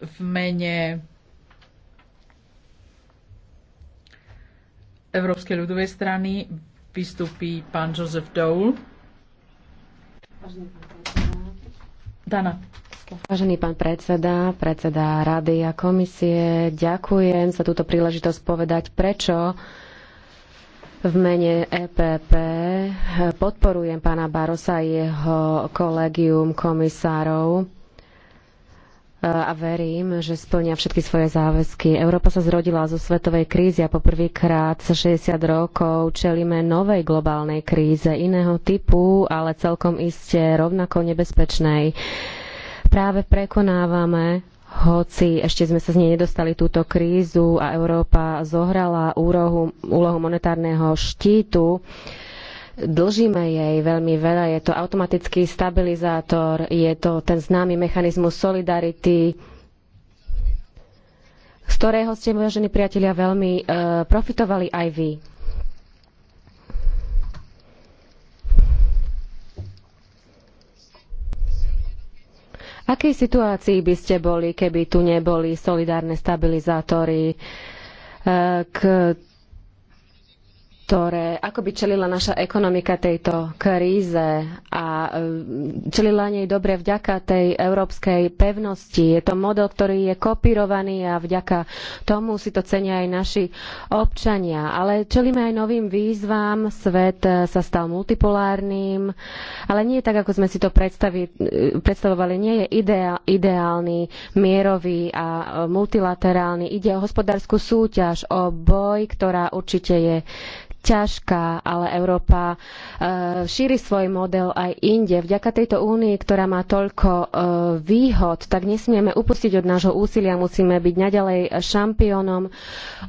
v mene Európskej ľudovej strany vystúpi pán Joseph Dole. Dana. Vážený pán predseda, predseda rady a komisie, ďakujem za túto príležitosť povedať, prečo v mene EPP podporujem pána Barosa a jeho kolegium komisárov E, a verím, že splnia všetky svoje záväzky. Európa sa zrodila zo svetovej krízy a poprvýkrát za 60 rokov čelíme novej globálnej kríze iného typu, ale celkom iste rovnako nebezpečnej. Práve prekonávame hoci ešte sme sa z nej nedostali túto krízu a Európa zohrala úrohu, úlohu monetárneho štítu, uh, Dlžíme jej veľmi veľa. Je to automatický stabilizátor, je to ten známy mechanizmus solidarity, z ktorého ste, vážení priatelia, veľmi e, profitovali aj vy. akej situácii by ste boli, keby tu neboli solidárne stabilizátory, e, k ktoré, ako by čelila naša ekonomika tejto kríze a e, čelila nej dobre vďaka tej európskej pevnosti. Je to model, ktorý je kopírovaný a vďaka tomu si to cenia aj naši občania. Ale čelíme aj novým výzvam, svet e, sa stal multipolárnym, ale nie tak, ako sme si to e, predstavovali. Nie je ideál, ideálny, mierový a multilaterálny. Ide o hospodárskú súťaž, o boj, ktorá určite je ťažká, ale Európa e, šíri svoj model aj inde. Vďaka tejto únii, ktorá má toľko e, výhod, tak nesmieme upustiť od nášho úsilia, musíme byť naďalej šampiónom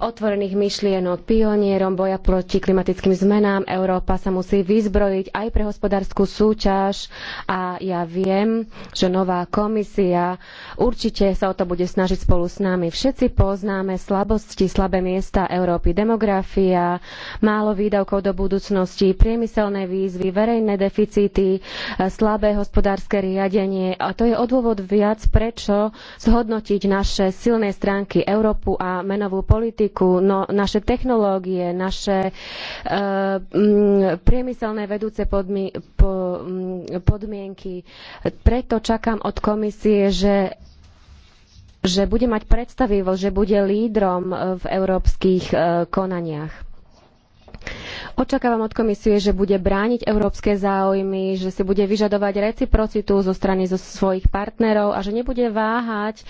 otvorených myšlienok, pionierom boja proti klimatickým zmenám. Európa sa musí vyzbrojiť aj pre hospodárskú súťaž a ja viem, že nová komisia určite sa o to bude snažiť spolu s nami. Všetci poznáme slabosti, slabé miesta Európy, demografia, málo málo výdavkov do budúcnosti, priemyselné výzvy, verejné deficity, e, slabé hospodárske riadenie. A to je odôvod viac, prečo zhodnotiť naše silné stránky Európu a menovú politiku, no, naše technológie, naše e, m, mm, priemyselné vedúce podmi, po, m, mm, podmienky. Preto čakám od komisie, že že bude mať predstavivosť, že bude lídrom e, v európskych konaniach. Očakávam od komisie, že bude brániť európske záujmy, že si bude vyžadovať reciprocitu zo strany zo svojich partnerov a že nebude váhať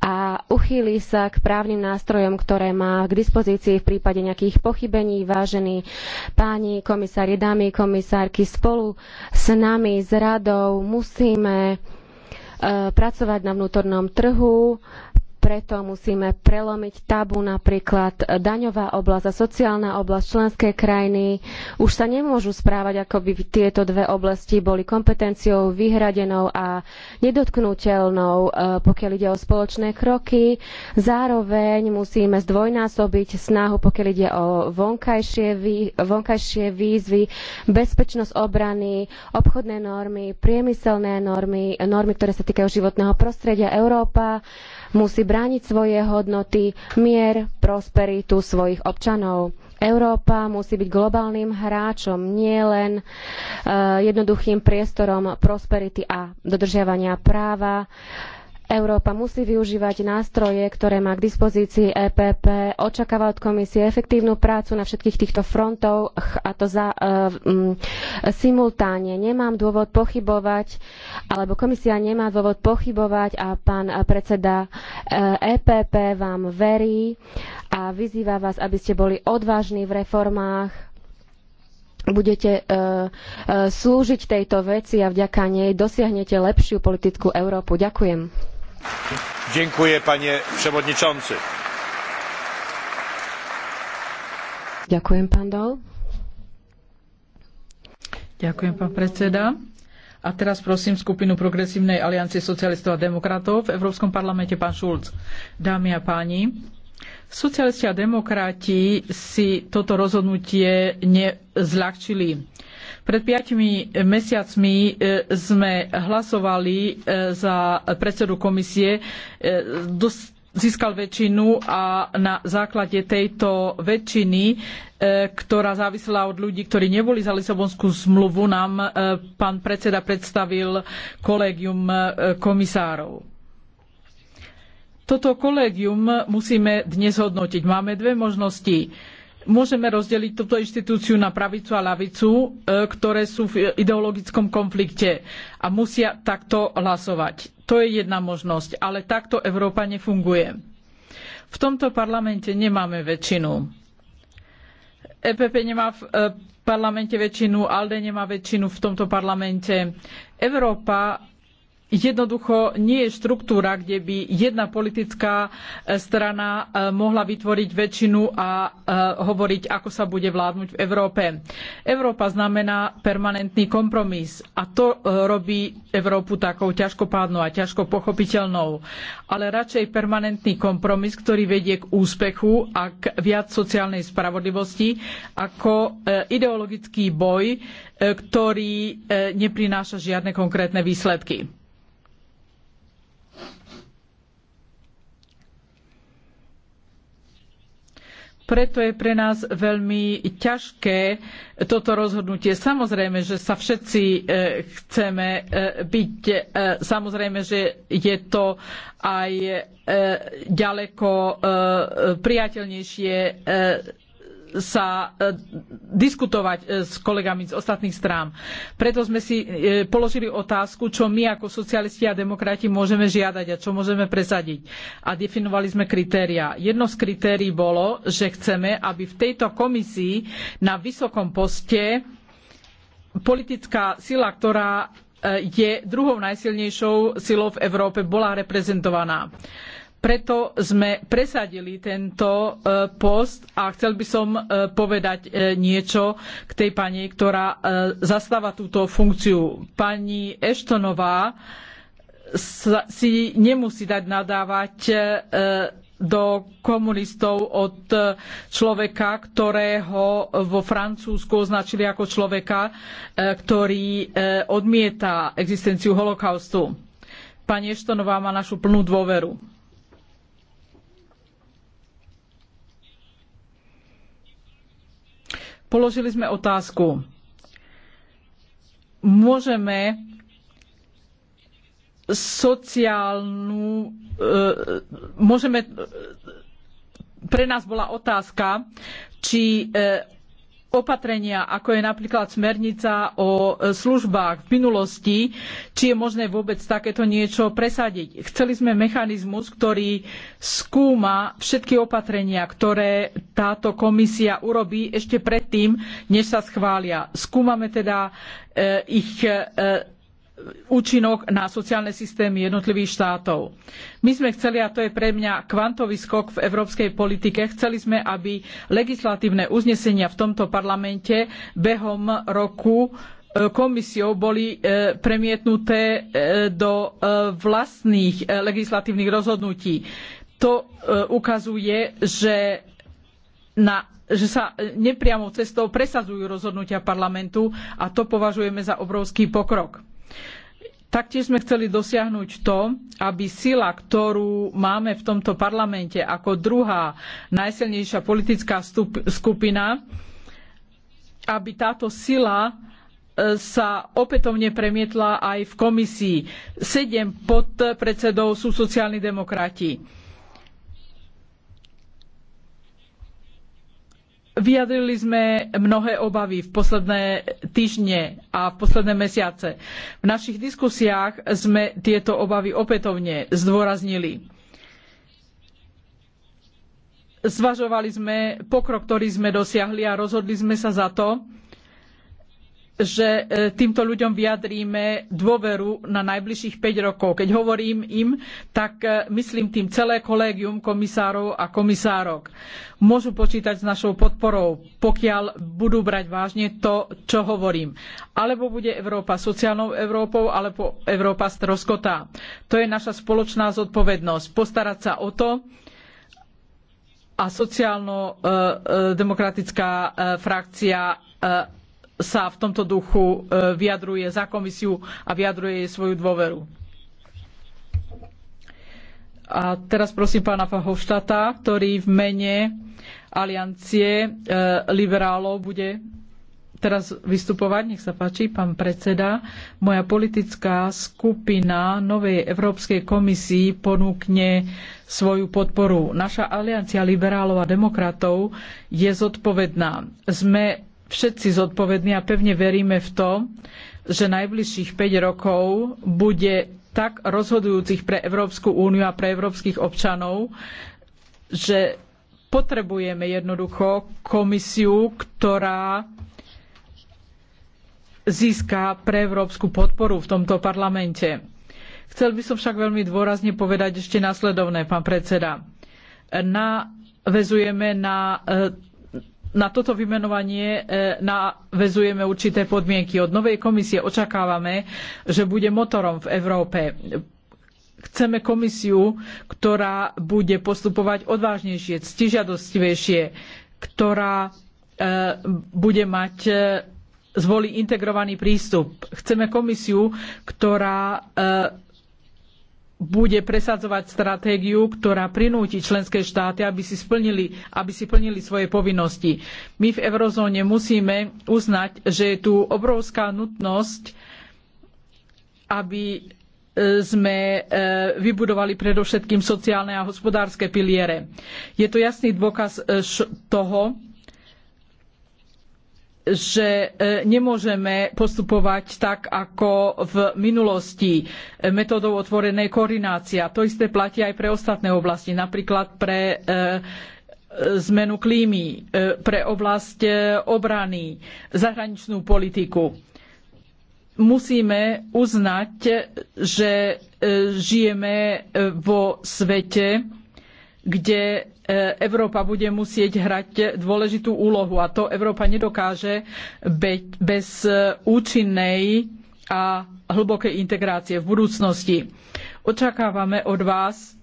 a uchýli sa k právnym nástrojom, ktoré má k dispozícii v prípade nejakých pochybení. Vážení páni komisári, dámy komisárky, spolu s nami, s radou musíme e, pracovať na vnútornom trhu preto musíme prelomiť tabu napríklad daňová oblasť a sociálna oblasť členské krajiny už sa nemôžu správať, ako by tieto dve oblasti boli kompetenciou vyhradenou a nedotknutelnou, e, pokiaľ ide o spoločné kroky. Zároveň musíme zdvojnásobiť snahu, pokiaľ ide o vonkajšie, vý, vonkajšie výzvy, bezpečnosť obrany, obchodné normy, priemyselné normy, normy, ktoré sa týkajú životného prostredia. Európa musí brániť svoje hodnoty, mier, prosperitu svojich občanov. Európa musí byť globálnym hráčom, nielen e, jednoduchým priestorom prosperity a dodržiavania práva, Európa musí využívať nástroje, ktoré má k dispozícii EPP, očakáva od komisie efektívnu prácu na všetkých týchto frontoch a to za, um, simultáne. Nemám dôvod pochybovať, alebo komisia nemá dôvod pochybovať a pán predseda EPP e vám verí a vyzýva vás, aby ste boli odvážni v reformách budete uh, uh, slúžiť tejto veci a vďaka nej dosiahnete lepšiu politickú Európu. Ďakujem. Ďakujem, panie przewodniczący. Ďakujem, pán Dol. Ďakujem, pán predseda. A teraz prosím skupinu Progresívnej aliancie socialistov a demokratov v Európskom parlamente, pán Šulc. Dámy a páni, socialisti a demokrati si toto rozhodnutie nezľahčili pred piatimi eh, mesiacmi eh, sme hlasovali eh, za predsedu komisie. Získal väčšinu a na základe tejto väčšiny, ktorá závisela od ľudí, ktorí neboli za Lisabonskú zmluvu, nám pán predseda predstavil kolégium komisárov. Toto kolégium musíme dnes hodnotiť. Máme dve možnosti môžeme rozdeliť túto inštitúciu na pravicu a lavicu, e, ktoré sú v ideologickom konflikte a musia takto hlasovať. To je jedna možnosť, ale takto Európa nefunguje. V tomto parlamente nemáme väčšinu. EPP nemá e, v parlamente väčšinu, ALDE nemá väčšinu v tomto parlamente. Európa jednoducho nie je štruktúra, kde by jedna politická e, strana e, mohla vytvoriť väčšinu a e, hovoriť, ako sa bude vládnuť v Európe. Európa znamená permanentný kompromis a to robí Európu takou ťažkopádnou a ťažko pochopiteľnou. Ale radšej permanentný kompromis, ktorý vedie k úspechu a k viac sociálnej spravodlivosti, ako ideologický boj, ktorý neprináša žiadne konkrétne výsledky. Preto je pre nás veľmi ťažké toto rozhodnutie. Samozrejme, že sa všetci e, chceme e, byť, e, samozrejme, že je to aj ďaleko priateľnejšie sa e, diskutovať e, s kolegami z ostatných strán. Preto sme si e, položili otázku, čo my ako socialisti a demokrati môžeme žiadať a čo môžeme presadiť. A definovali sme kritéria. Jedno z kritérií bolo, že chceme, aby v tejto komisii na vysokom poste politická sila, ktorá je druhou najsilnejšou silou v Európe, bola reprezentovaná. Preto sme presadili tento e, post a chcel by som e, povedať e, niečo k tej pani, ktorá zastáva túto funkciu. Pani Eštonová si nemusí dať nadávať do komunistov od človeka, ktorého vo Francúzsku označili ako človeka, ktorý odmieta existenciu holokaustu. Pani Eštonová má našu plnú dôveru. Položili sme otázku, môžeme sociálnu, e, môžeme, e, pre nás bola otázka, či e, opatrenia, ako je napríklad smernica o e, službách v minulosti, či je možné vôbec takéto niečo presadiť. Chceli sme mechanizmus, ktorý skúma všetky opatrenia, ktoré táto komisia urobí ešte predtým, než sa schvália. Skúmame teda e, ich e, účinok na sociálne systémy jednotlivých štátov. My sme chceli, a to je pre mňa kvantový skok v európskej politike, chceli sme, aby legislatívne uznesenia v tomto parlamente behom roku e, komisiou boli e, premietnuté e, do vlastných legislatívnych rozhodnutí. To ukazuje, že, na, že sa nepriamou cestou presadzujú rozhodnutia parlamentu a to považujeme za obrovský pokrok Taktiež sme chceli dosiahnuť to, aby sila, ktorú máme v tomto parlamente ako druhá najsilnejšia politická skupina, aby táto sila e, sa opätovne premietla aj v komisii. Sedem podpredsedov sú sociálni demokrati Vyjadrili sme mnohé obavy v posledné týždne a v posledné mesiace. V našich diskusiách sme tieto obavy opätovne zdôraznili. Zvažovali sme pokrok, ktorý sme dosiahli a rozhodli sme sa za to, že e, týmto ľuďom vyjadríme dôveru na najbližších 5 rokov. Keď hovorím im, tak e, myslím tým celé kolégium komisárov a komisárok. Môžu počítať s našou podporou, pokiaľ budú brať vážne to, čo hovorím. Alebo bude Európa sociálnou Európou, alebo Európa stroskotá. To je naša spoločná zodpovednosť. Postarať sa o to, a sociálno-demokratická e, frakcia sa v tomto duchu e, vyjadruje za komisiu a vyjadruje jej svoju dôveru. A teraz prosím pána Fahovštata, ktorý v mene aliancie e, liberálov bude teraz vystupovať. Nech sa páči, pán predseda. Moja politická skupina Novej Európskej komisii ponúkne svoju podporu. Naša aliancia liberálov a demokratov je zodpovedná. Sme všetci zodpovední a pevne veríme v to, že najbližších 5 rokov bude tak rozhodujúcich pre Európsku úniu a pre európskych občanov, že potrebujeme jednoducho komisiu, ktorá získa pre európsku podporu v tomto parlamente. Chcel by som však veľmi dôrazne povedať ešte následovné, pán predseda. Navezujeme na e, na toto vymenovanie e, navezujeme určité podmienky. Od novej komisie očakávame, že bude motorom v Európe. Chceme komisiu, ktorá bude postupovať odvážnejšie, ctižiadostivejšie, ktorá e, bude mať e, zvolí integrovaný prístup. Chceme komisiu, ktorá bude presadzovať stratégiu, ktorá prinúti členské štáty, aby si, splnili, aby si plnili svoje povinnosti. My v eurozóne musíme uznať, že je tu obrovská nutnosť, aby e, sme e, vybudovali predovšetkým sociálne a hospodárske piliere. Je to jasný dôkaz e, toho, že e, nemôžeme postupovať tak, ako v minulosti e, metódou otvorenej koordinácie. To isté platí aj pre ostatné oblasti, napríklad pre e, zmenu klímy, pre oblasť obrany, zahraničnú politiku. Musíme uznať, že žijeme vo svete, kde Eh, Európa bude musieť hrať dôležitú úlohu a to Európa nedokáže bez eh, účinnej a hlbokej integrácie v budúcnosti. Očakávame od vás,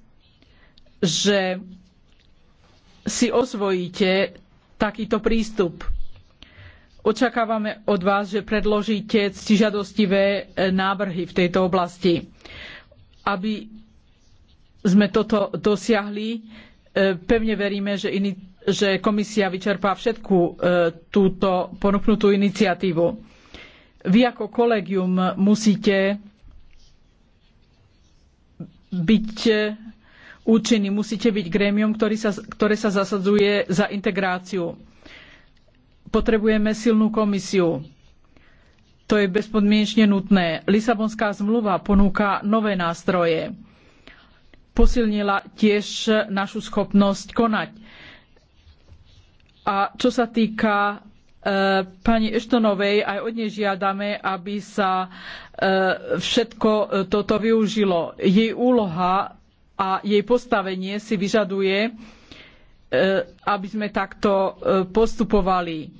že si osvojíte takýto prístup. Očakávame od vás, že predložíte ctižadostivé eh, návrhy v tejto oblasti. Aby sme toto dosiahli, E, pevne veríme, že, že komisia vyčerpá všetku e, túto ponúknutú iniciatívu. Vy ako kolegium musíte byť účinný, musíte byť grémium, sa, ktoré sa zasadzuje za integráciu. Potrebujeme silnú komisiu. To je bezpodmienečne nutné. Lisabonská zmluva ponúka nové nástroje posilnila tiež našu schopnosť konať. A čo sa týka e, pani Eštonovej, aj od nej žiadame, aby sa e, všetko e, toto využilo. Jej úloha a jej postavenie si vyžaduje, aby sme takto postupovali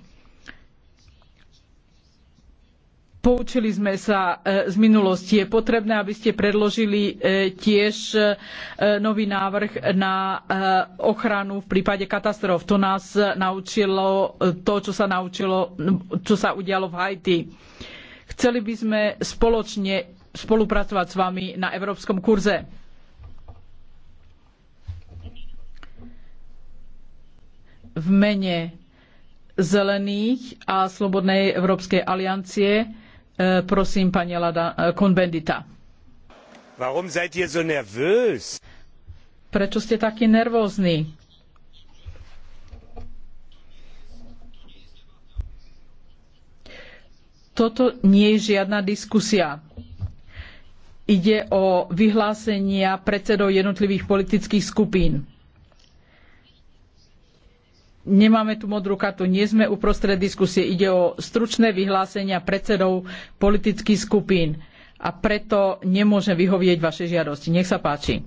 Poučili sme sa e, z minulosti. Je potrebné, aby ste predložili e, tiež e, nový návrh na ochranu v prípade katastrof. To nás naučilo to, čo sa naučilo, čo sa udialo v Haiti. Chceli by sme spoločne spolupracovať s vami na európskom kurze. V mene Zelených a Slobodnej Európskej aliancie Eh, prosím, pani Lada Konbendita. Eh, Warum seid ihr so nervös? Prečo ste takí nervózni? Toto nie je žiadna diskusia. Ide o vyhlásenia predsedov jednotlivých politických skupín. Nemáme tu modrú kartu, nie sme uprostred diskusie. Ide o stručné vyhlásenia predsedov politických skupín a preto nemôžem vyhovieť vašej žiadosti. Nech sa páči.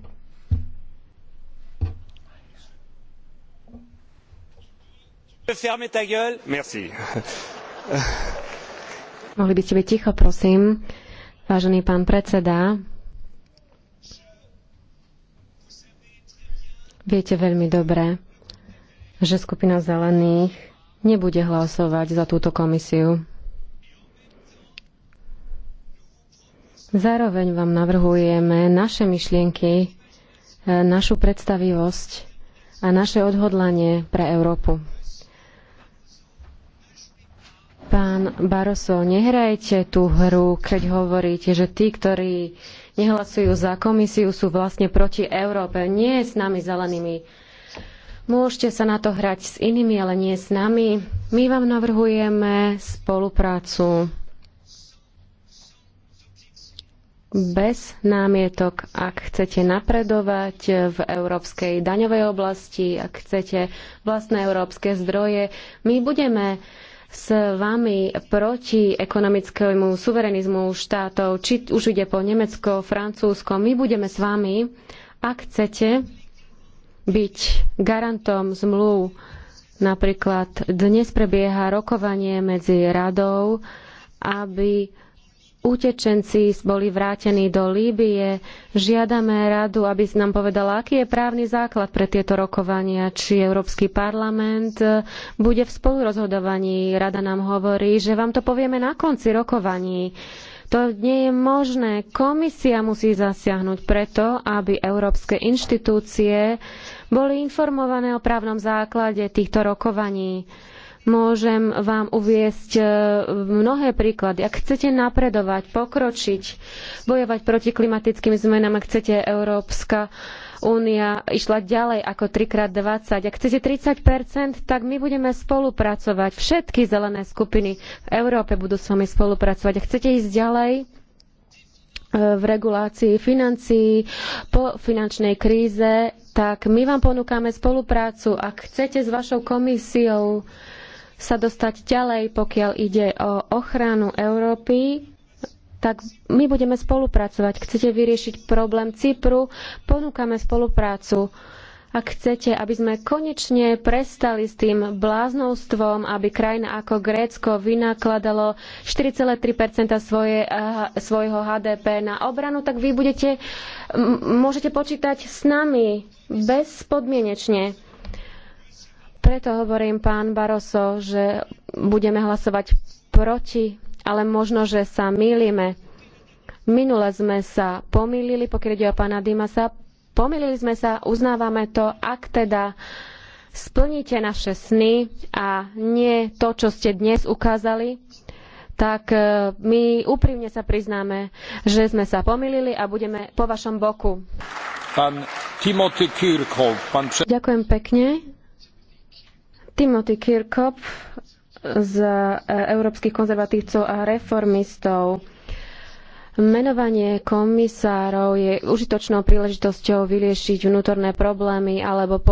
Mohli by ste byť ticho, prosím. Vážený pán predseda, viete veľmi dobre, že skupina zelených nebude hlasovať za túto komisiu. Zároveň vám navrhujeme naše myšlienky, e, našu predstavivosť a naše odhodlanie pre Európu. Pán Baroso, nehrajte tú hru, keď hovoríte, že tí, ktorí nehlasujú za komisiu, sú vlastne proti Európe. Nie s nami zelenými Môžete sa na to hrať s inými, ale nie s nami. My vám navrhujeme spoluprácu bez námietok, ak chcete napredovať v európskej daňovej oblasti, ak chcete vlastné európske zdroje. My budeme s vami proti ekonomickému suverenizmu štátov, či už ide po Nemecko, Francúzsko. My budeme s vami, ak chcete byť garantom zmluv. Napríklad dnes prebieha rokovanie medzi radou, aby utečenci boli vrátení do Líbie. Žiadame radu, aby nám povedala, aký je právny základ pre tieto rokovania, či Európsky parlament bude v spolurozhodovaní. Rada nám hovorí, že vám to povieme na konci rokovaní. To nie je možné. Komisia musí zasiahnuť preto, aby európske inštitúcie boli informované o právnom základe týchto rokovaní. Môžem vám uviesť e, mnohé príklady. Ak chcete napredovať, pokročiť, bojovať proti klimatickým zmenám, ak chcete Európska únia išla ďalej ako 3x20. Ak chcete 30%, tak my budeme spolupracovať. Všetky zelené skupiny v Európe budú s vami spolupracovať. Ak chcete ísť ďalej, e, v regulácii financií po finančnej kríze, tak my vám ponúkame spoluprácu. Ak chcete s vašou komisiou sa dostať ďalej, pokiaľ ide o ochranu Európy, tak my budeme spolupracovať. Chcete vyriešiť problém Cypru, ponúkame spoluprácu. Ak chcete, aby sme konečne prestali s tým bláznostvom, aby krajina ako Grécko vynakladalo 4,3 svoje, eh, svojho HDP na obranu, tak vy budete, môžete počítať s nami bezpodmienečne. Preto hovorím pán Baroso, že budeme hlasovať proti ale možno, že sa mýlime. Minule sme sa pomýlili, pokiaľ ide o pána Dimasa. Pomýlili sme sa, uznávame to, ak teda splníte naše sny a nie to, čo ste dnes ukázali, tak e, my úprimne sa priznáme, že sme sa pomýlili a budeme po vašom boku. Pán pán... Ďakujem pekne. Timothy z e, európskych konzervatívcov a reformistov. Menovanie komisárov je užitočnou príležitosťou vyriešiť vnútorné problémy alebo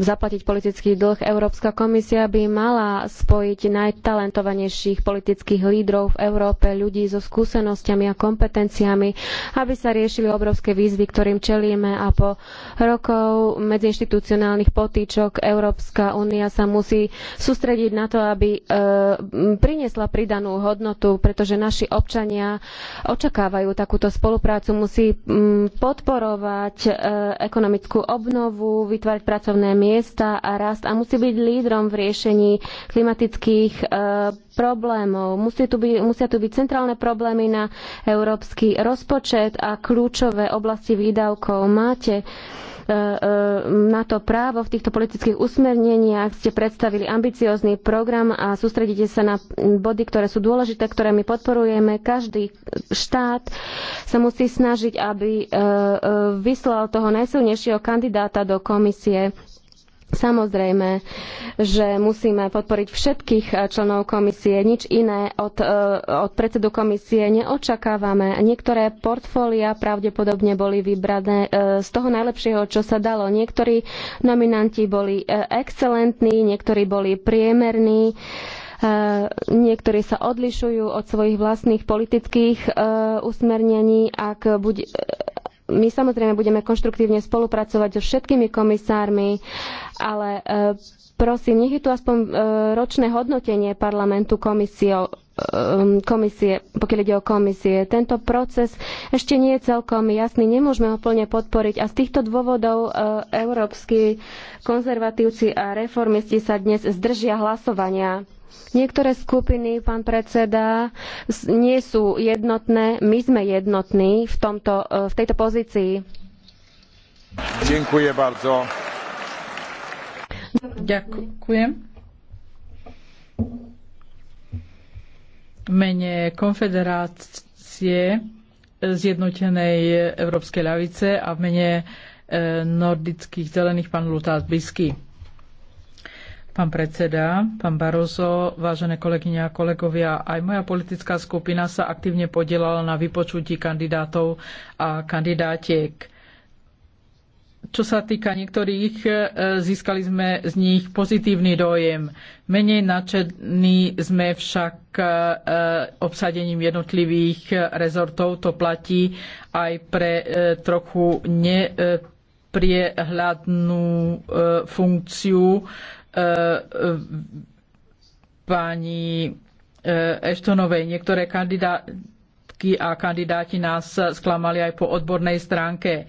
zaplatiť politický dlh. Európska komisia by mala spojiť najtalentovanejších politických lídrov v Európe, ľudí so skúsenosťami a kompetenciami, aby sa riešili obrovské výzvy, ktorým čelíme a po rokov medziinštitucionálnych potýčok Európska únia sa musí sústrediť na to, aby e, priniesla pridanú hodnotu, pretože naši občania očakávajú očakávajú takúto spoluprácu, musí mm, podporovať e, ekonomickú obnovu, vytvárať pracovné miesta a rast a musí byť lídrom v riešení klimatických e, problémov. Musí tu byť, musia tu byť centrálne problémy na európsky rozpočet a kľúčové oblasti výdavkov. Máte E, e, na to právo v týchto politických usmerneniach. Ste predstavili ambiciózny program a sústredíte sa na body, ktoré sú dôležité, ktoré my podporujeme. Každý štát sa musí snažiť, aby e, vyslal toho najsilnejšieho kandidáta do komisie Samozrejme, že musíme podporiť všetkých eh, členov komisie. Nič iné od, eh, od predsedu komisie neočakávame. Niektoré portfólia pravdepodobne boli vybrané eh, z toho najlepšieho, čo sa dalo. Niektorí nominanti boli excelentní, niektorí boli priemerní niektorí sa odlišujú od svojich vlastných politických usmernení, ak bude, my samozrejme budeme konštruktívne spolupracovať so všetkými komisármi, ale e, prosím, nech je tu aspoň e, ročné hodnotenie parlamentu komisiou, e, komisie, pokiaľ ide o komisie. Tento proces ešte nie je celkom jasný, nemôžeme ho plne podporiť a z týchto dôvodov európsky konzervatívci a reformisti sa dnes zdržia hlasovania Niektoré skupiny, pán predseda, nie sú jednotné. My sme jednotní v, tomto, e, v tejto pozícii. Ďakujem bardzo. Ďakujem. V mene Konfederácie Zjednotenej Európskej ľavice a v mene e, nordických zelených pán Lutás Bisky. Pán predseda, pán Barozo, vážené kolegyne a kolegovia, aj moja politická skupina sa aktívne podielala na vypočutí kandidátov a kandidátiek. Čo sa týka niektorých, e, získali sme z nich pozitívny dojem. Menej nadšení sme však e, obsadením jednotlivých rezortov. To platí aj pre e, trochu nepriehľadnú funkciu E, pani e, Eštonovej. Niektoré kandidátky a kandidáti nás sklamali aj po odbornej stránke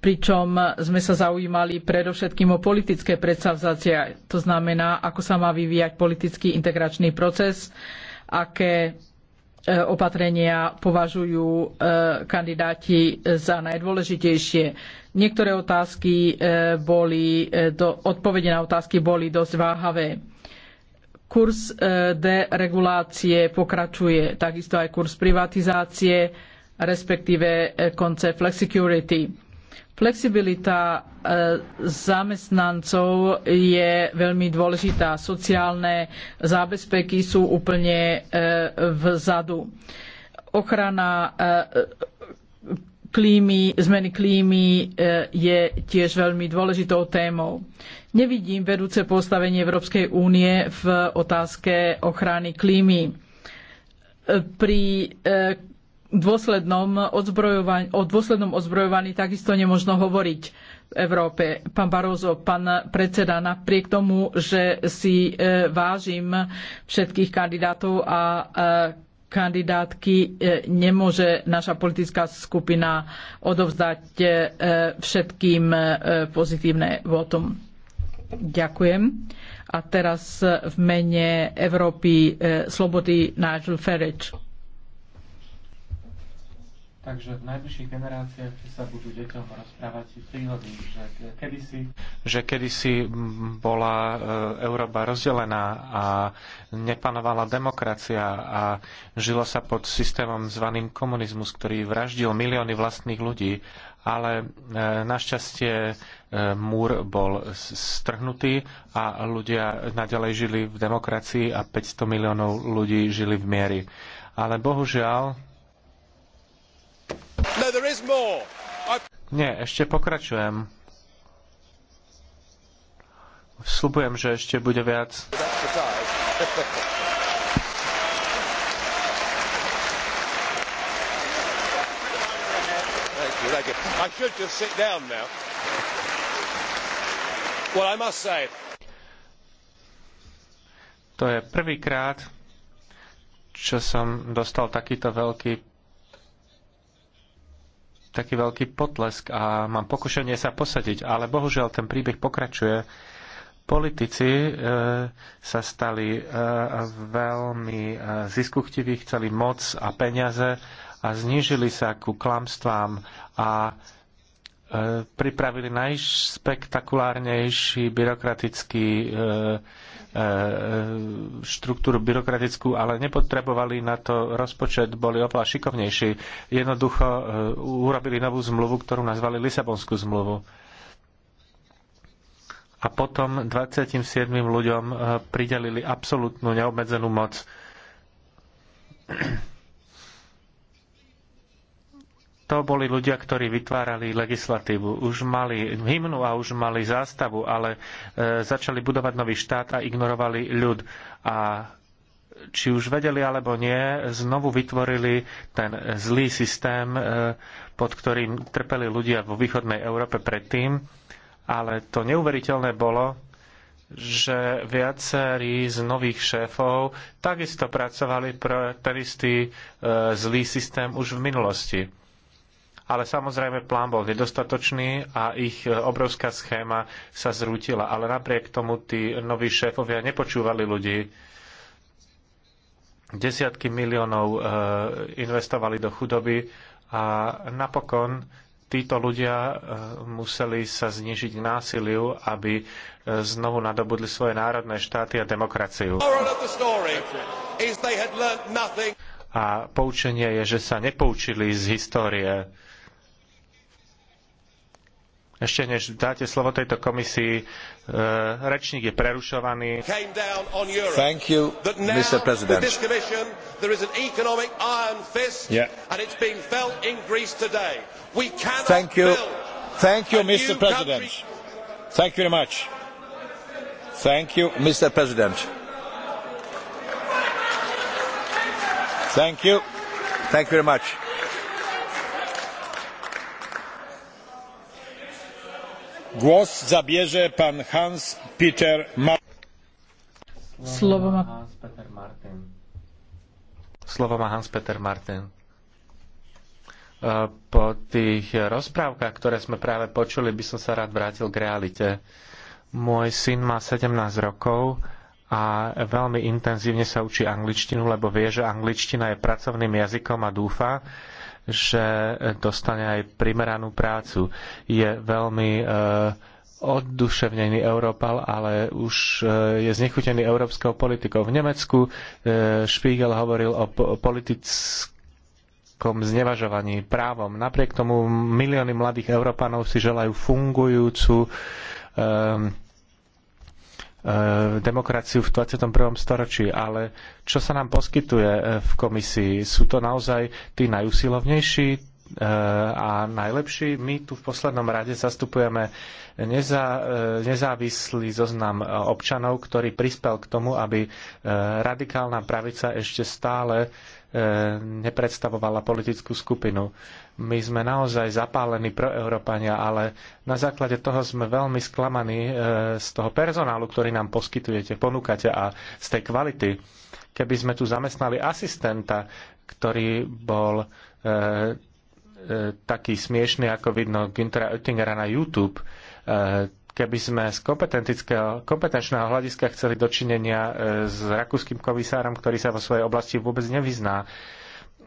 pričom sme sa zaujímali predovšetkým o politické predsavzatia. To znamená, ako sa má vyvíjať politický integračný proces, aké e, opatrenia považujú kandidáti za najdôležitejšie Niektoré otázky e, boli, e, do, odpovede na otázky boli dosť váhavé. Kurs e, deregulácie pokračuje, takisto aj kurs privatizácie, respektíve koncept flexicurity. Flexibilita zamestnancov je veľmi dôležitá. Sociálne zábezpeky sú úplne vzadu. Ochrana klímy, zmeny klímy e, je tiež veľmi dôležitou témou. Nevidím vedúce postavenie Európskej únie v otázke ochrany klímy. E, pri e, dôslednom odzbrojovaní, o dôslednom odzbrojovaní takisto nemožno hovoriť v Európe. Pán Barozo, pán predseda, napriek tomu, že si vážim všetkých kandidátov a kandidátky e, nemôže naša politická skupina odovzdať e, všetkým e, pozitívne votum. Ďakujem. A teraz v mene Európy Slobody Nigel Farage. Takže v najbližších generáciách sa budú deťom rozprávať príhody, že kedysi... Že kedysi bola e, Európa rozdelená a nepanovala demokracia a žilo sa pod systémom zvaným komunizmus, ktorý vraždil milióny vlastných ľudí, ale e, našťastie e, múr bol strhnutý a ľudia naďalej žili v demokracii a 500 miliónov ľudí žili v miery. Ale bohužiaľ nie, ešte pokračujem. Slubujem, že ešte bude viac. To je prvýkrát, čo som dostal takýto veľký taký veľký potlesk a mám pokušenie sa posadiť. Ale bohužiaľ ten príbeh pokračuje. Politici e, sa stali e, veľmi e, ziskuchtiví, chceli moc a peniaze a znížili sa ku klamstvám a pripravili najspektakulárnejší byrokratický e, e, štruktúru byrokratickú, ale nepotrebovali na to rozpočet, boli oveľa šikovnejší. Jednoducho e, urobili novú zmluvu, ktorú nazvali Lisabonskú zmluvu. A potom 27 ľuďom pridelili absolútnu neobmedzenú moc to boli ľudia, ktorí vytvárali legislatívu. Už mali hymnu a už mali zástavu, ale e, začali budovať nový štát a ignorovali ľud. A či už vedeli alebo nie, znovu vytvorili ten zlý systém, e, pod ktorým trpeli ľudia vo východnej Európe predtým. Ale to neuveriteľné bolo, že viacerí z nových šéfov takisto pracovali pre ten istý e, zlý systém už v minulosti ale samozrejme plán bol nedostatočný a ich e, obrovská schéma sa zrútila. Ale napriek tomu tí noví šéfovia nepočúvali ľudí. Desiatky miliónov e, investovali do chudoby a napokon títo ľudia e, museli sa znižiť násiliu, aby znovu nadobudli svoje národné štáty a demokraciu. A poučenie je, že sa nepoučili z histórie. Ešte než dáte slovo tejto komisii, e, rečník je prerušovaný. Thank you, Mr. President. Yeah. Thank you, thank you, Mr. President. Thank you very much. Thank you, Mr. President. Thank you. Thank you very much. Głos zabierze pan Hans Peter Martin. Slovo má Hans-Peter Martin. Slovo má Hans-Peter Martin. Po tých rozprávkach, ktoré sme práve počuli, by som sa rád vrátil k realite. Môj syn má 17 rokov a veľmi intenzívne sa učí angličtinu, lebo vie, že angličtina je pracovným jazykom a dúfa, že dostane aj primeranú prácu. Je veľmi e, odduševnený Európal, ale už e, je znechutený európskou politikou. V Nemecku Spiegel e, hovoril o politickom znevažovaní právom. Napriek tomu milióny mladých Európanov si želajú fungujúcu um, Eh, demokraciu v 21. storočí, ale čo sa nám poskytuje eh, v komisii? Sú to naozaj tí najusilovnejší eh, a najlepší. My tu v poslednom rade zastupujeme nezá, nezávislý zoznam občanov, ktorý prispel k tomu, aby radikálna pravica ešte stále Eh, nepredstavovala politickú skupinu. My sme naozaj zapálení pro Európania, ale na základe toho sme veľmi sklamaní eh, z toho personálu, ktorý nám poskytujete, ponúkate a z tej kvality. Keby sme tu zamestnali asistenta, ktorý bol e, e, taký smiešný, ako vidno Günthera Oettingera na YouTube, e, keby sme z kompetenčného hľadiska chceli dočinenia e, s rakúskym komisárom, ktorý sa vo svojej oblasti vôbec nevyzná.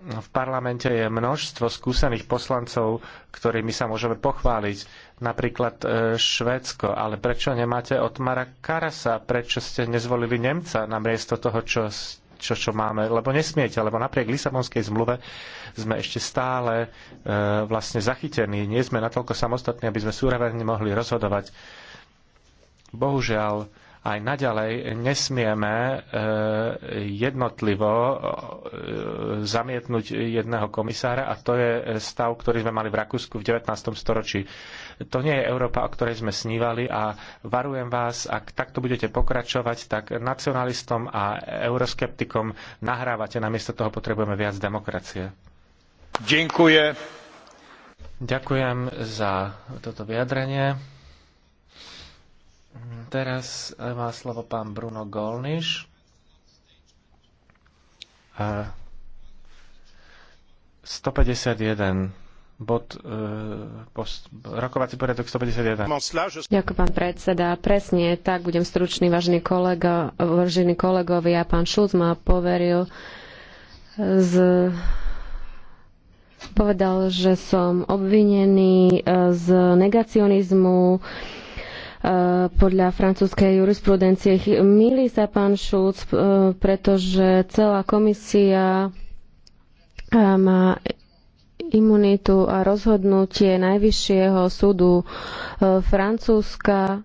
V parlamente je množstvo skúsených poslancov, ktorými sa môžeme pochváliť. Napríklad e, Švédsko. Ale prečo nemáte Otmara Karasa? Prečo ste nezvolili Nemca namiesto toho, čo ste čo, čo máme, lebo nesmiete, lebo napriek Lisabonskej zmluve sme ešte stále e, vlastne zachytení, nie sme natoľko samostatní, aby sme súravene mohli rozhodovať. Bohužiaľ, aj naďalej nesmieme e, jednotlivo e, zamietnúť jedného komisára a to je stav, ktorý sme mali v Rakúsku v 19. storočí. To nie je Európa, o ktorej sme snívali a varujem vás, ak takto budete pokračovať, tak nacionalistom a euroskeptikom nahrávate. Namiesto toho potrebujeme viac demokracie. Ďakujem. Ďakujem za toto vyjadrenie. Teraz má slovo pán Bruno Golniš. A 151 bod, uh, post, rokovací poriadok 151. Ďakujem, pán predseda. Presne tak, budem stručný, vážený kolega, vážený kolegovia. Pán Šulc ma poveril z povedal, že som obvinený e, z negacionizmu, Eh, podľa francúzskej jurisprudencie. mýli sa pán Šúc, eh, pretože celá komisia eh, má imunitu a rozhodnutie Najvyššieho súdu Francúzska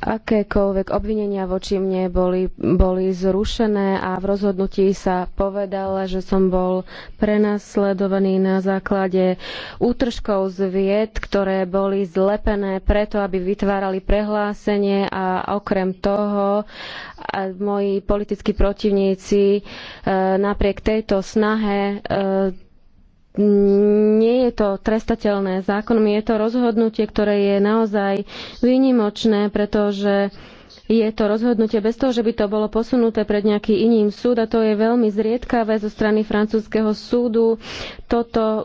akékoľvek obvinenia voči mne boli, boli zrušené a v rozhodnutí sa povedala, že som bol prenasledovaný na základe útržkov z vied, ktoré boli zlepené preto, aby vytvárali prehlásenie a okrem toho moji politickí protivníci e, napriek tejto snahe e, nie je to trestateľné zákonom, je to rozhodnutie, ktoré je naozaj výnimočné, pretože je to rozhodnutie bez toho, že by to bolo posunuté pred nejaký iným súd a to je veľmi zriedkavé zo strany francúzského súdu. Toto eh,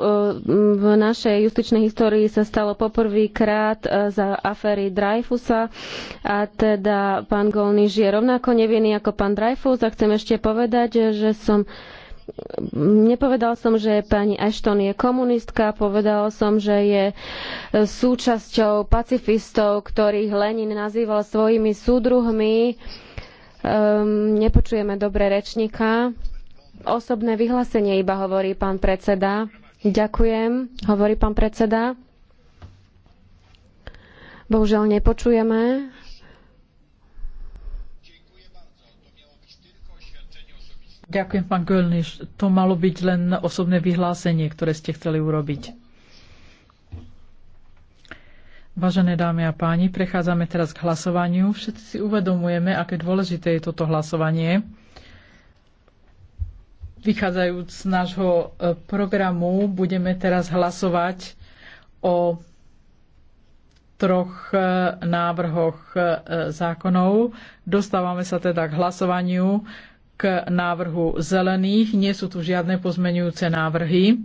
v našej justičnej histórii sa stalo poprvýkrát eh, za aféry Dreyfusa a teda pán Golniž je rovnako nevinný ako pán Dreyfus a chcem ešte povedať, že som nepovedal som, že pani Ashton je komunistka, povedal som, že je súčasťou pacifistov, ktorých Lenin nazýval svojimi súdruhmi. Um, nepočujeme dobre rečníka. Osobné vyhlásenie iba hovorí pán predseda. Ďakujem, hovorí pán predseda. Bohužiaľ nepočujeme. Ďakujem, pán Gölniš. To malo byť len osobné vyhlásenie, ktoré ste chceli urobiť. Vážené dámy a páni, prechádzame teraz k hlasovaniu. Všetci si uvedomujeme, aké dôležité je toto hlasovanie. Vychádzajúc z nášho e, programu, budeme teraz hlasovať o troch e, návrhoch e, zákonov. Dostávame sa teda k hlasovaniu k návrhu zelených. Nie sú tu žiadne pozmenujúce návrhy.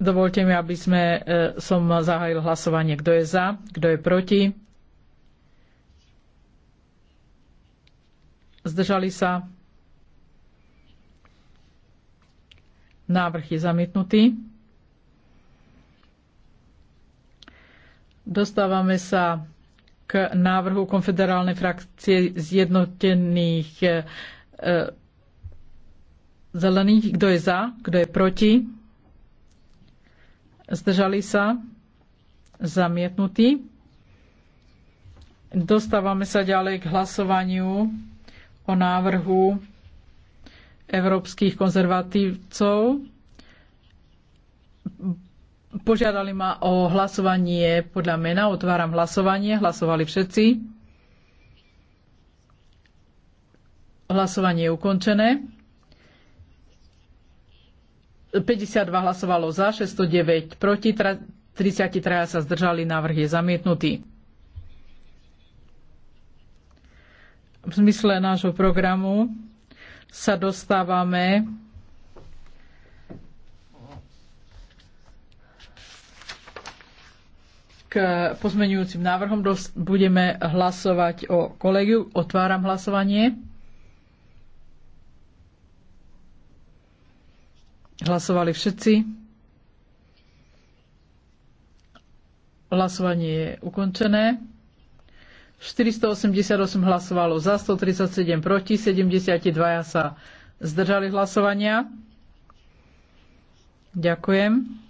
Dovolte mi, aby sme, e, som zahájil hlasovanie. Kto je za, kto je proti? Zdržali sa? Návrh je zamietnutý. Dostávame sa k návrhu konfederálnej frakcie zjednotených e, E, zelených. Kto je za? Kto je proti? Zdržali sa? Zamietnutí. Dostávame sa ďalej k hlasovaniu o návrhu európskych konzervatívcov. Požiadali ma o hlasovanie podľa mena. Otváram hlasovanie. Hlasovali všetci. Hlasovanie je ukončené. 52 hlasovalo za, 609 proti, 33 sa zdržali, návrh je zamietnutý. V zmysle nášho programu sa dostávame k pozmenujúcim návrhom. Budeme hlasovať o kolegiu. Otváram hlasovanie. Hlasovali všetci. Hlasovanie je ukončené. 488 hlasovalo za, 137 proti, 72 sa zdržali hlasovania. Ďakujem.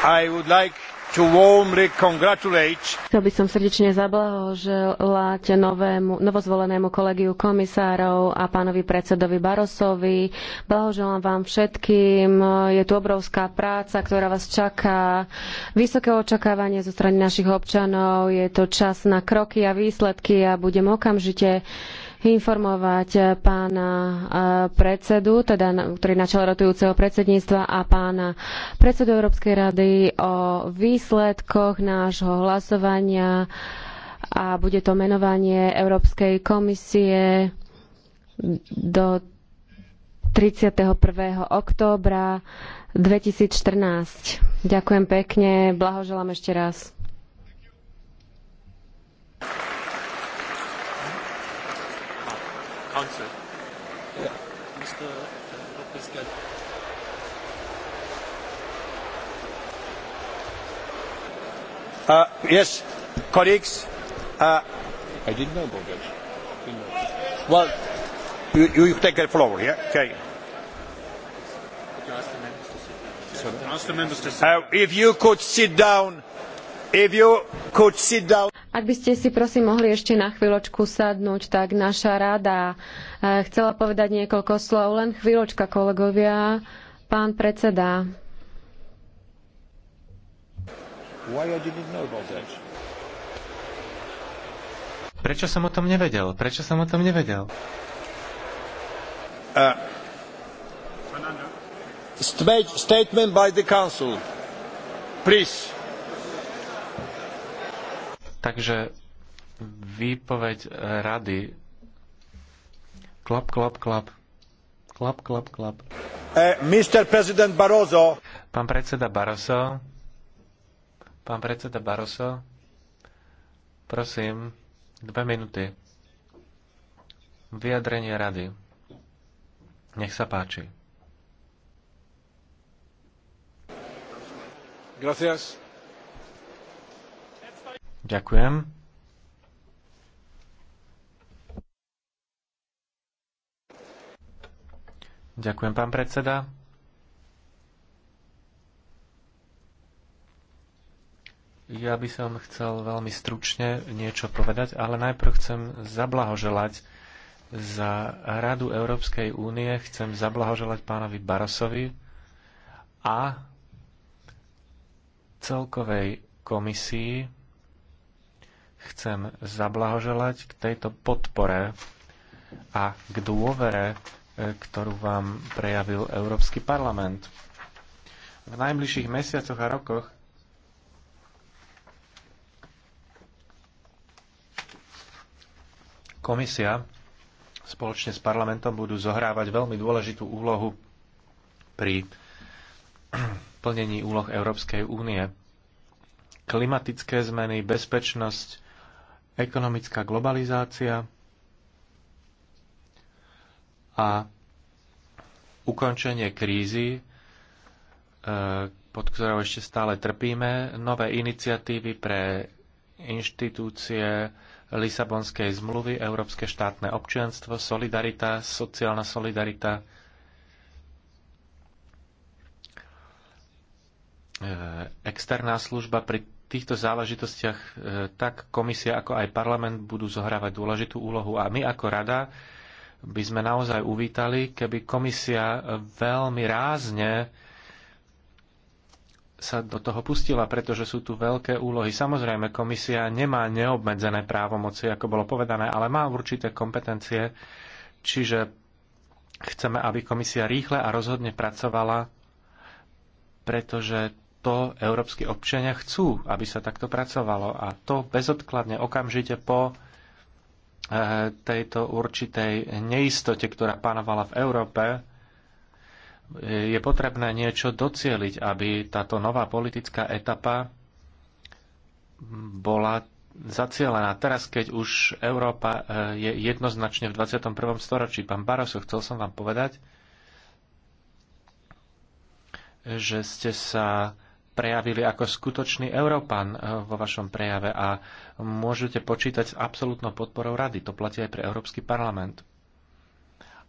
I would like to warmly congratulate. Chcel by som srdečne zablahoželať novému, novozvolenému kolegiu komisárov a pánovi predsedovi Barosovi. Blahoželám vám všetkým. Je tu obrovská práca, ktorá vás čaká. Vysoké očakávanie zo strany našich občanov. Je to čas na kroky a výsledky a budem okamžite informovať eh, pána eh, predsedu, teda, ktorý na čele rotujúceho predsedníctva a pána predsedu Európskej rady o výsledkoch nášho hlasovania a bude to menovanie Európskej komisie do 31. októbra 2014. Ďakujem pekne, blahoželám ešte raz. Council. Yeah. Mr. Lopez Gad. Uh, yes, colleagues. Uh, I didn't know about that. Well, you, you take the floor, yeah? Okay. Uh, if you could sit down, if you could sit down. Ak by ste si prosím mohli ešte na chvíľočku sadnúť, tak naša rada eh, chcela povedať niekoľko slov. Len chvíľočka, kolegovia. Pán predseda. Prečo som o tom nevedel? Prečo som o tom nevedel? Uh, statement by the council. Please. Takže výpoveď rady. Klap, klap, klap. Klap, klap, klap. E, Mr. President Barroso. Pán predseda Barroso. Pán predseda Barroso. Prosím, dve minúty. Vyjadrenie rady. Nech sa páči. Gracias. Ďakujem. Ďakujem, pán predseda. Ja by som chcel veľmi stručne niečo povedať, ale najprv chcem zablahoželať za Radu Európskej únie, chcem zablahoželať pánovi Barosovi a celkovej komisii chcem zablahoželať k tejto podpore a k dôvere, e, ktorú vám prejavil Európsky parlament. V najbližších mesiacoch a rokoch komisia spoločne s parlamentom budú zohrávať veľmi dôležitú úlohu pri plnení úloh Európskej únie. Klimatické zmeny, bezpečnosť, ekonomická globalizácia a ukončenie krízy, e, pod ktorou ešte stále trpíme, nové iniciatívy pre inštitúcie Lisabonskej zmluvy, Európske štátne občianstvo, solidarita, sociálna solidarita, e, externá služba pri týchto záležitostiach e, tak komisia ako aj parlament budú zohrávať dôležitú úlohu a my ako rada by sme naozaj uvítali, keby komisia veľmi rázne sa do toho pustila, pretože sú tu veľké úlohy. Samozrejme, komisia nemá neobmedzené právomoci, ako bolo povedané, ale má určité kompetencie, čiže chceme, aby komisia rýchle a rozhodne pracovala, pretože to európsky občania chcú, aby sa takto pracovalo. A to bezodkladne okamžite po eh, tejto určitej neistote, ktorá panovala v Európe, je potrebné niečo docieliť, aby táto nová politická etapa bola zacielená. Teraz, keď už Európa eh, je jednoznačne v 21. storočí, pán Baroso, chcel som vám povedať, že ste sa prejavili ako skutočný Európan eh, vo vašom prejave a môžete počítať s absolútnou podporou rady. To platí aj pre Európsky parlament.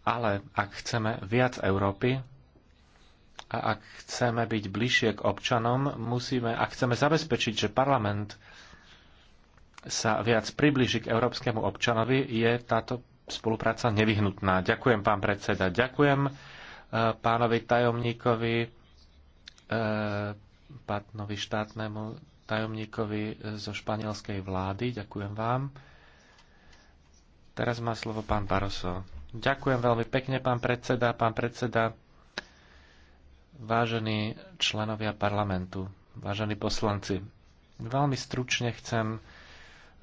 Ale ak chceme viac Európy, a ak chceme byť bližšie k občanom, musíme, ak chceme zabezpečiť, že parlament sa viac priblíži k európskemu občanovi, je táto spolupráca nevyhnutná. Ďakujem, pán predseda. Ďakujem eh, pánovi tajomníkovi eh, Bartnovi štátnemu tajomníkovi zo španielskej vlády. Ďakujem vám. Teraz má slovo pán Baroso. Ďakujem veľmi pekne, pán predseda. Pán predseda, vážení členovia parlamentu, vážení poslanci, veľmi stručne chcem eh,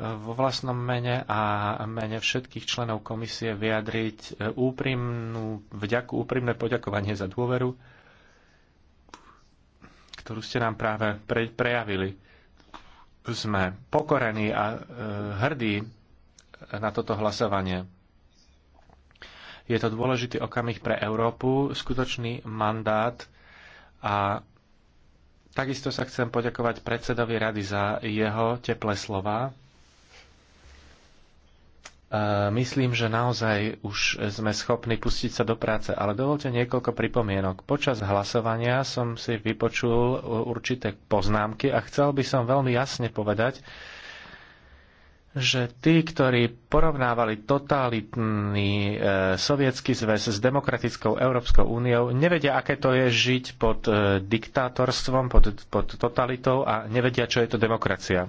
vo vlastnom mene a mene všetkých členov komisie vyjadriť eh, úprimnú vďaku, úprimné poďakovanie za dôveru, ktorú ste nám práve pre, prejavili. Sme pokorení a e, hrdí na toto hlasovanie. Je to dôležitý okamih pre Európu, skutočný mandát a takisto sa chcem poďakovať predsedovi rady za jeho teplé slova myslím, že naozaj už sme schopní pustiť sa do práce, ale dovolte niekoľko pripomienok. Počas hlasovania som si vypočul určité poznámky a chcel by som veľmi jasne povedať, že tí, ktorí porovnávali totalitný e, sovietský zväz s demokratickou Európskou úniou, nevedia, aké to je žiť pod e, diktátorstvom, pod, pod totalitou a nevedia, čo je to demokracia.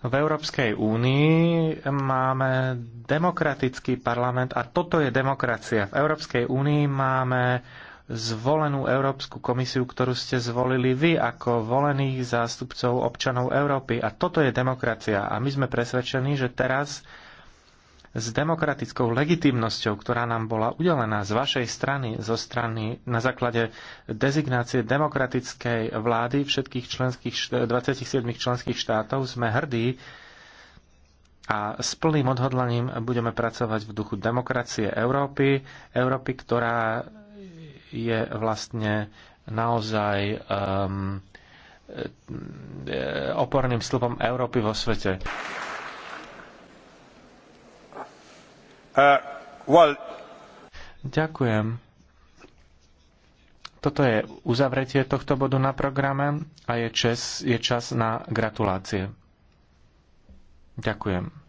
V Európskej únii máme demokratický parlament a toto je demokracia. V Európskej únii máme zvolenú Európsku komisiu, ktorú ste zvolili vy ako volených zástupcov občanov Európy. A toto je demokracia. A my sme presvedčení, že teraz s demokratickou legitimnosťou, ktorá nám bola udelená z vašej strany, zo strany na základe dezignácie demokratickej vlády všetkých členských, 27 členských štátov, sme hrdí a s plným odhodlaním budeme pracovať v duchu demokracie Európy, Európy, ktorá je vlastne naozaj um, e, e, oporným stĺpom Európy vo svete. Uh, Ďakujem. Toto je uzavretie tohto bodu na programe a je čas, je čas na gratulácie. Ďakujem.